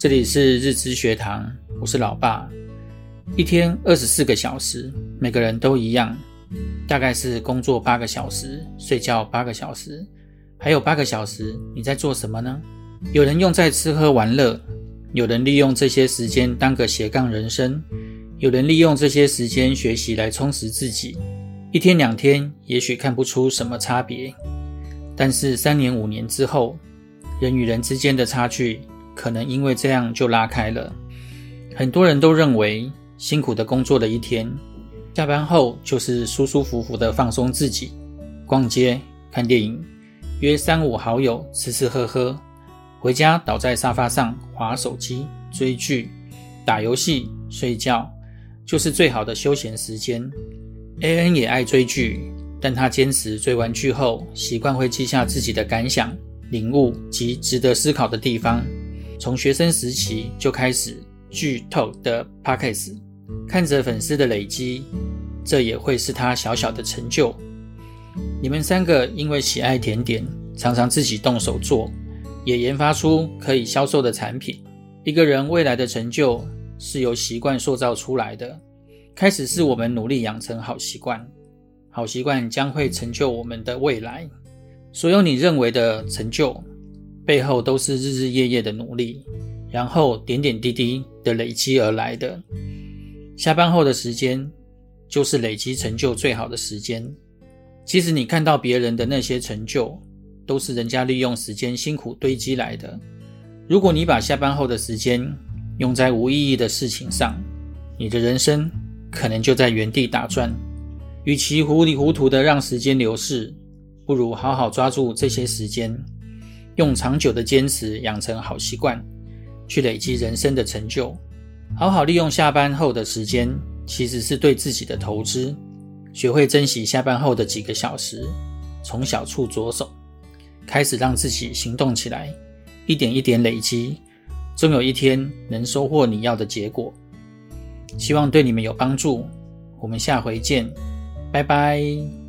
這裡是日知學堂，我是老爸。一天二十四個小時，每個人都一樣，大概是工作八個小時，睡覺八個小時，還有八個小時，你在做什麼呢？有人用在吃喝玩樂，有人利用這些時間當個斜槓人生，有人利用這些時間學習來充實自己。一天兩天也許看不出什麼差別，但是三年五年之後，人與人之間的差距，可能因為這樣就拉開了。很多人都認為辛苦的工作了一天，下班後就是舒舒服服的放鬆自己，逛街、看電影，約三五好友吃吃喝喝，回家倒在沙發上滑手機、追劇、打遊戲、睡覺，就是最好的休閒時間。A N 也愛追劇，但他堅持追完劇後，習慣會記下自己的感想、領悟及值得思考的地方。從學生時期就開始劇透的 Podcast，看着粉絲的累積，這也會是他小小的成就。你們三個因為喜愛甜點，常常自己動手做，也研發出可以銷售的產品。一個人未來的成就是由習慣塑造出來的，開始是我們努力養成好習慣，好習慣將會成就我們的未來。所有你認為的成就。背後都是日日夜夜的努力，然後點點滴滴的累積而來的。下班後的時間就是累積成就最好的時間。其實你看到別人的那些成就，都是人家利用時間辛苦堆積來的。如果你把下班後的時間用在無意義的事情上，你的人生可能就在原地打轉。與其糊裡糊塗的讓時間流逝，不如好好抓住這些時間。用長久的堅持養成好習慣，去累積人生的成就。好好利用下班後的時間，其實是對自己的投資。學會珍惜下班後的幾個小時，從小處着手，開始讓自己行動起來，一點一點累積，終有一天能收穫你要的結果。希望對你們有幫助。我們下回見，拜拜。